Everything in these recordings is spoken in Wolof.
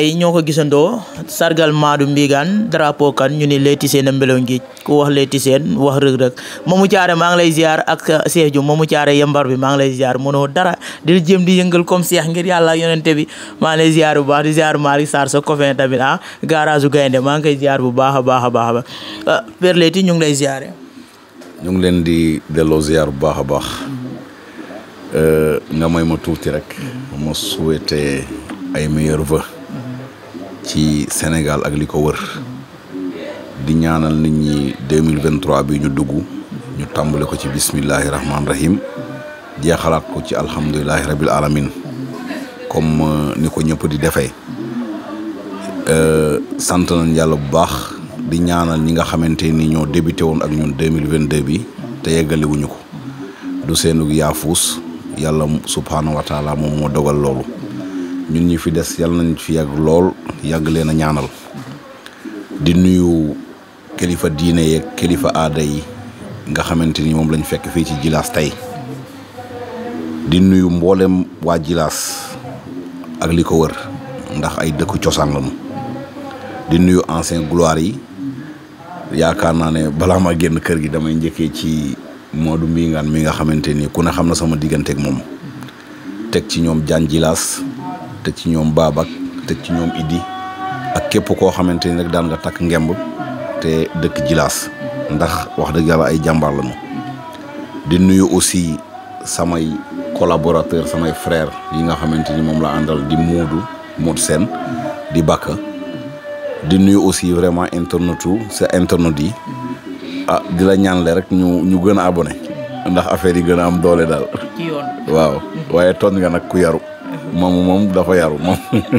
ay ñoo ko sargal maadu mbigaan drapeau kan ñu ni leeti seen a mbelaw ngiij ku wax leeti seen wax rëg-rëg moomu caare maa ngi ziar ak seex ju moomu caare yembar bi maa ngi lay ziar mënoo dara dil jëm di yëngal comme seex ngir yàlla yonente bi maa lay ziar bu baax di ziar Malick Sarr sa copain tamit ah garage gaynde maa ngi koy ziar bu baax a baax a baax ba ah, père leeti ñu ngi lay ziare ñu ngi di ziar baax mm-hmm. euh, nga may ma rek mm-hmm. ma ay meilleurs vœux ci Senegal ak liko wër di ñaanal nit ñi 2023 bi ñu dugg ñu tambalé ko ci bismillahir rahmanir rahim jeexalaat ko ci alhamdulilahi rabbil alamin comme euh, niko ñëpp di euh sant nañ yalla bu baax di ñaanal ñi nga xamanté ni ñoo débuté won ak ñun 2022 bi yégalé wuñu ko du yalla subhanahu wa taala mo mo dogal ñun ñi fi des yàlla nañ fi yàgg lool a ñaanal di nuyu kalifa diine yeeg kilifa aada yi nga xamante ni moom lañ fekk fii ci jilaas tey di nuyu mboolem waa jilaas ak li ko wër ndax ay dëkku cosaan lañu di nuyu ancien gloire yi yaakaar naa ne balaa ma génn kër gi damay njëkkee ci Modou Mbingaan mi nga xamante ni ku ne xam na sama digganteeg moom teg ci ñoom jaan jilaas teg ci ñoom idi, teg ci ñom idi ak képp ko xamanteni rek daan nga tak ngemb te dëkk jilas ndax wax dëgg yalla ay jàmbaar lañu di nuyu aussi samay collaborateur samay frère yi nga xamanteni mom la andal di modu, muud sen di baka di nuyu aussi vraiment internetu c'est internet di ah di la le rek ñu ñu gëna abonné ndax affaire yi gëna am doole dal. waaw mm-hmm. waye ton nga nak ku yaru moom moom dafa yaru moom.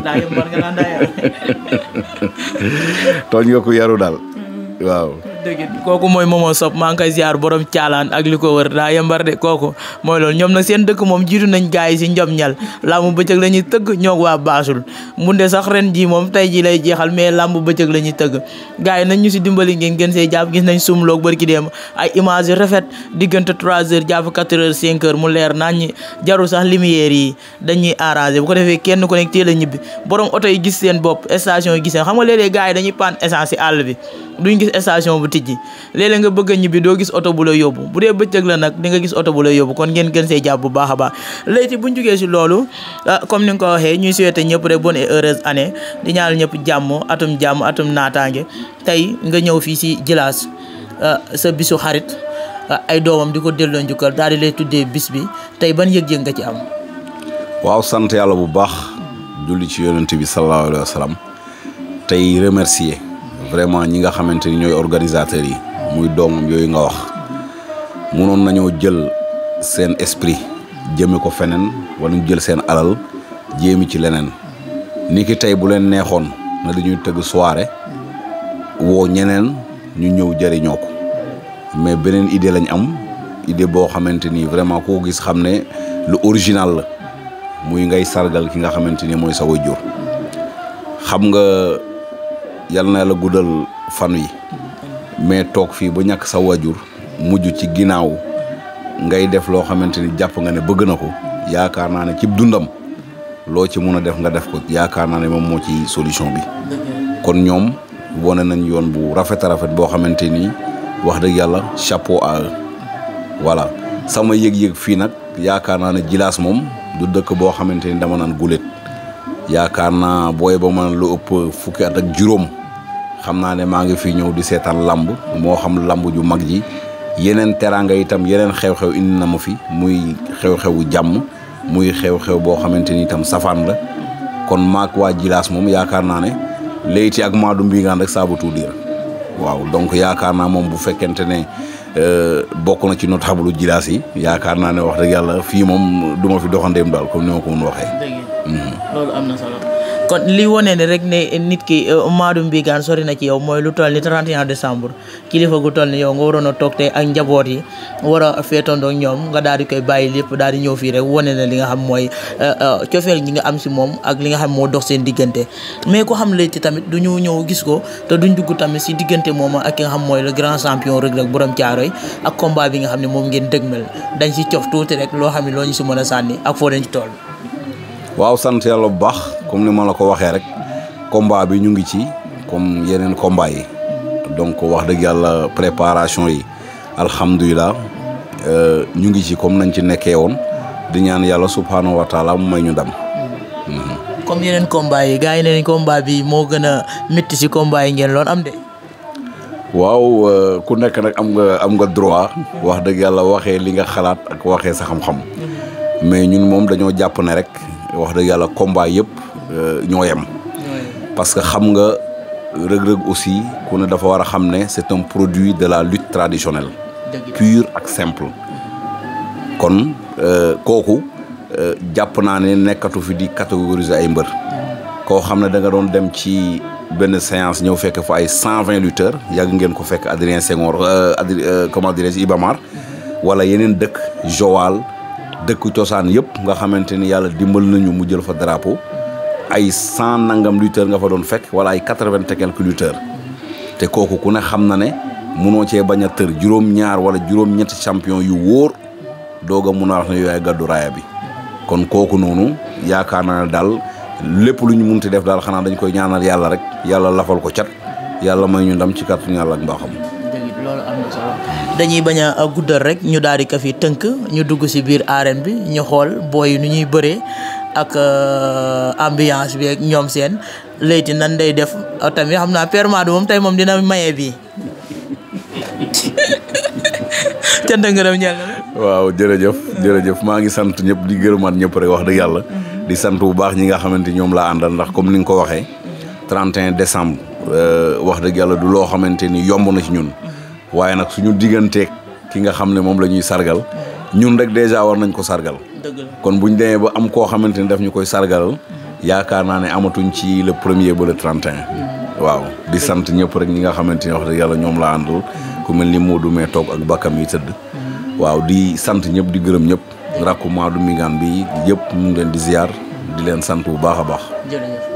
tooñ nga ku yaru daal mm-hmm. waaw. dëgg kooku mooy moom Sopp maa ngi koy ziar caalaan ak ko wër daa yembar de kooku mooy loolu ñoom nag seen dëkk moom jiitu nañ gars yi si njom ñal làmb bëccëg la ñuy tëgg ñoog waa baasul mun moom tey ji lay jeexal mais làmb bëccëg la ñuy tëgg gars yi nañ ñu si dimbali ngeen gën see jàpp gis nañ sumloog bërki dem ay image yu rafet diggante 3 heures jàpp 4 heures 5 mu leer naan ñi jaru sax lumière yi dañuy arrangé bu ko defee kenn ku nekk teel a ñibbi borom oto yi gis seen bopp station yi xam nga léeg-léeg gars yi dañuy panne si àll bi duñ gis station bu tijji léeg-léeg nga bëgg a ñibbi doo gis oto bu la yóbbu bu dee bëccëg la nag di nga gis oto bu la yóbbu kon ngeen gën see jàpp bu baax a baax léegi buñ jugee si loolu ah, comme ni nga ko waxee ñuy souhaiter ñëpp rek bonne et heureuse année di ñaanal ñëpp jàmm atum jàmm atum naataange tey nga ñëw fii si Djilass ah, sa bisu xarit ah, ay doomam di ko delloo njukkal daal di lay tuddee bis bi tey ban yëg-yëg nga ci am waaw sant yàlla bu baax julli ci yonent bi sallallahu vraiment ñi nga xamante ni ñooy organisateurs yi muy doomam yooyu nga wax mënoon nañoo jël seen esprit jëme ko feneen wala jël seen alal jéemi ci leneen ni ki tey bu leen neexoon na dañuy tëgg soirée woo ñeneen ñu ñëw jëriñoo ko mais beneen idée lañ am idée boo xamante ni vraiment ku ko gis xam ne lu original la muy ngay sargal ki nga xamante ni mooy sa waajur xam nga yal na la guddal fan yi mais toog fii ba ñàkk sa waajur mujj ci ginnaaw ngay def loo xamante ni jàpp nga ne bëgg na ko yaakaar naa ne ci dundam loo ci mën a def nga def ko yaakaar naa ne moom moo ci solution bi kon ñoom wane nañ yoon bu rafet a rafet boo xamante ni wax dëgg yàlla chapeau à sama yëg-yëg fii nag yaakaar naa ne Djilass moom du dëkk boo xamante ni dama naan guléet yaakaar naa booy ba man lu ëpp fukki at ak juróom xam naa ne maa ngi fi ñëw di seetaan lamb moo xam lamb ju mag ji yeneen teraanga itam yeneen xew-xew indi na ma fi muy xew-xewu jàmm muy xew-xew boo xamante ni itam safaan la kon maak waa Jilaas moom yaakaar naa ne Leyti ak Madou Mbingaan rek saabu tuuti waaw donc yaakaar naa moom bu fekkente ne euh, bokk na ci notable Jilaas yi yaakaar naa ne wax dëgg yàlla fii moom duma fi doxandeem daal comme ni ma ko mun waxee. kon li wone ne rek ne nit ki euh, Madou Mbigane sori na ci yow mooy lu toll ni 31 décembre kilifa gu toll ni yow nga waroon a toog te ak njaboot yi war a feetandoo ñoom nga daal di koy bàyyi lépp daal di ñëw fii rek wone na li nga xam mooy euh, euh, cofeel gi nga am si moom ak li nga xam moo dox seen diggante mais ko xam léegi tamit du ñu ñëw gis ko te duñ dugg tamit si diggante moom ak ki nga xam mooy le grand champion Reug Reug borom yi ak combat bi nga xam ne moom ngeen dëgmal dañ si cof tuuti rek loo xam ne loo ñu si mën a sànni ak foo dañ ci toll waaw sant yàlla bu baax comme ni ma la ko waxee rek combat bi ñu ngi ci comme yeneen combat yi donc wax dëgg yàlla préparation yi alhamdulilah euh, ñu ngi ci comme nañ ci nekkee woon di ñaan yàlla subhaanahu wa taala mu may ñu ndam. Mhm. comme yeneen combat yi gars yi ne combat bi moo gën a métti si combat yi ngeen loon am de. waaw euh, ku nekk nag am nga am nga droit wax dëgg yàlla waxee li nga xalaat ak waxee sa xam-xam mhm. mais ñun moom dañoo jàpp ne rek. wax deug yalla combat yëpp euh, ñoo parce que xam nga rëg-rëg aussi ku ne dafa wara a c'est un produit de la lutte traditionnelle. pure ak simple. kon euh, kooku euh, jàpp naa ne nekkatu fi di catégoriser ay mbeur ko xamné da nga doon dem ci ben séance ñeu fekk fa ay 120 lutteurs yag ngeen ko fekk Adrien Senghor euh comment dire je Ibamar. Mm-hmm. wala yenen dëkk Joal. dëkk cosaan yëpp nga xamante ni yàlla dimbal nañu mu jël fa drapeau ay cent nangam lutteurs nga fa doon fekk wala ay quatre-vingt et te kooku ku ne xam na ne munoo cee bañ a tër juróom-ñaar wala juróom-ñetti champion yu wóor doog a mun a wax ne yooy gàddu raaya bi kon kooku noonu yaakaar naa ne daal lépp lu ñu munti def daal xanaa dañu koy ñaanal yàlla rek yàlla lafal ko cat yàlla may ñu ndam ci kàttu yàlla ak mbaaxam dañuy baña euh, guddal rek ñu daal di ko fi teunk ñu dugg ci biir arène bi ñu xol boy ñu ñuy bëré ak euh, ambiance bi ak ñom seen léyti nan day def ah, tamit xam naa père Madou mom tey moom dina maye bi té cant ngërëm ñal waaw jërëjëf jërëjëf ma ngi sant ñëpp di gërëmaat ñëpp rek wax dëgg yalla mhm. di sant bu baax ñi nga xamanteni ñom la andal ndax comme ni nga ko waxé 31 décembre euh wax dëgg yalla du lo xamanteni ni yomb na ci ñun waaye nag suñu digganteeg ki nga xam ne moom la ñuy sargal ñun rek dèjà war nañ ko sargal kon buñ demee ba am koo xamante ni daf ñu koy sargalal mhm. yaakaar naa ne amatuñ ci le premier ba le 31 mhm. waaw di sant ñëpp rek ñi nga xamante ni wax dëgg yàlla ñoom la àndul mhm. ku mel ni du mee toog ak bakkam yi tëdd waaw di sant ñëpp di gërëm ñëpp rakku Maadu Mingane bi yëpp ñu leen di ziar di leen sant bu baax a baax.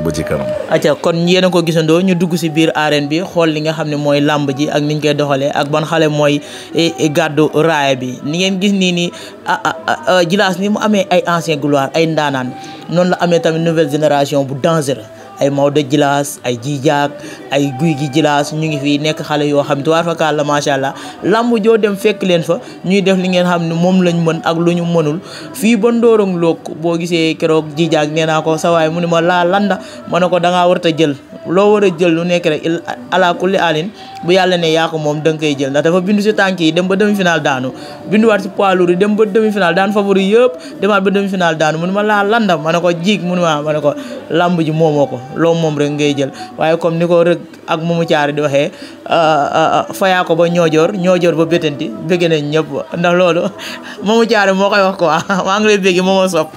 ba ci kanam. acca kon yéen a ko gisandoo ñu dugg si biir arène bi xool li nga xam ne mooy làmb ji ak niñ koy doxalee ak ban xale mooy eh, eh, gàddu raaya bi ni ngeen gis nii nii ah Djilass ni mu amee ay ancien gloire ay ndaanaan noonu la amee tamit nouvelle génération bu dangereux. ay Maodo jilas ay jijak ay Guy gi jilas ñu ngi fi nek xalé yo xam ne faka fa machallah macha allah lamb joo dem fekk len fa ñuy def li ngeen xamni mom lañ mën ak luñu mënul fi ba Ndorong Lok bo gisee kérok jijak ko saway mu ni ma la landa manako da nga wërta jël lo wara jël lu nek rek ala kulli alin bu yalla ne ya ko mom dang kay jël dafa bindu ci tanki dem ba demi final daanu binduwaat si poids lourd dem ba demi final daan favori yop, demaat ba demi final daanu mu ma la landa manako jik ko mu ma manako lamb ji momoko loo moom rek ngay jël waaye kom ni ko rek ak Momu Caari di waxee euh, euh, euh, fayaa ko ba ñoojoor ñoojoor ba bétanti bëgg nañ ñëpp ndax loolu Momu Caari moo koy wax quoi maa ngi lay bëgg mooma sopp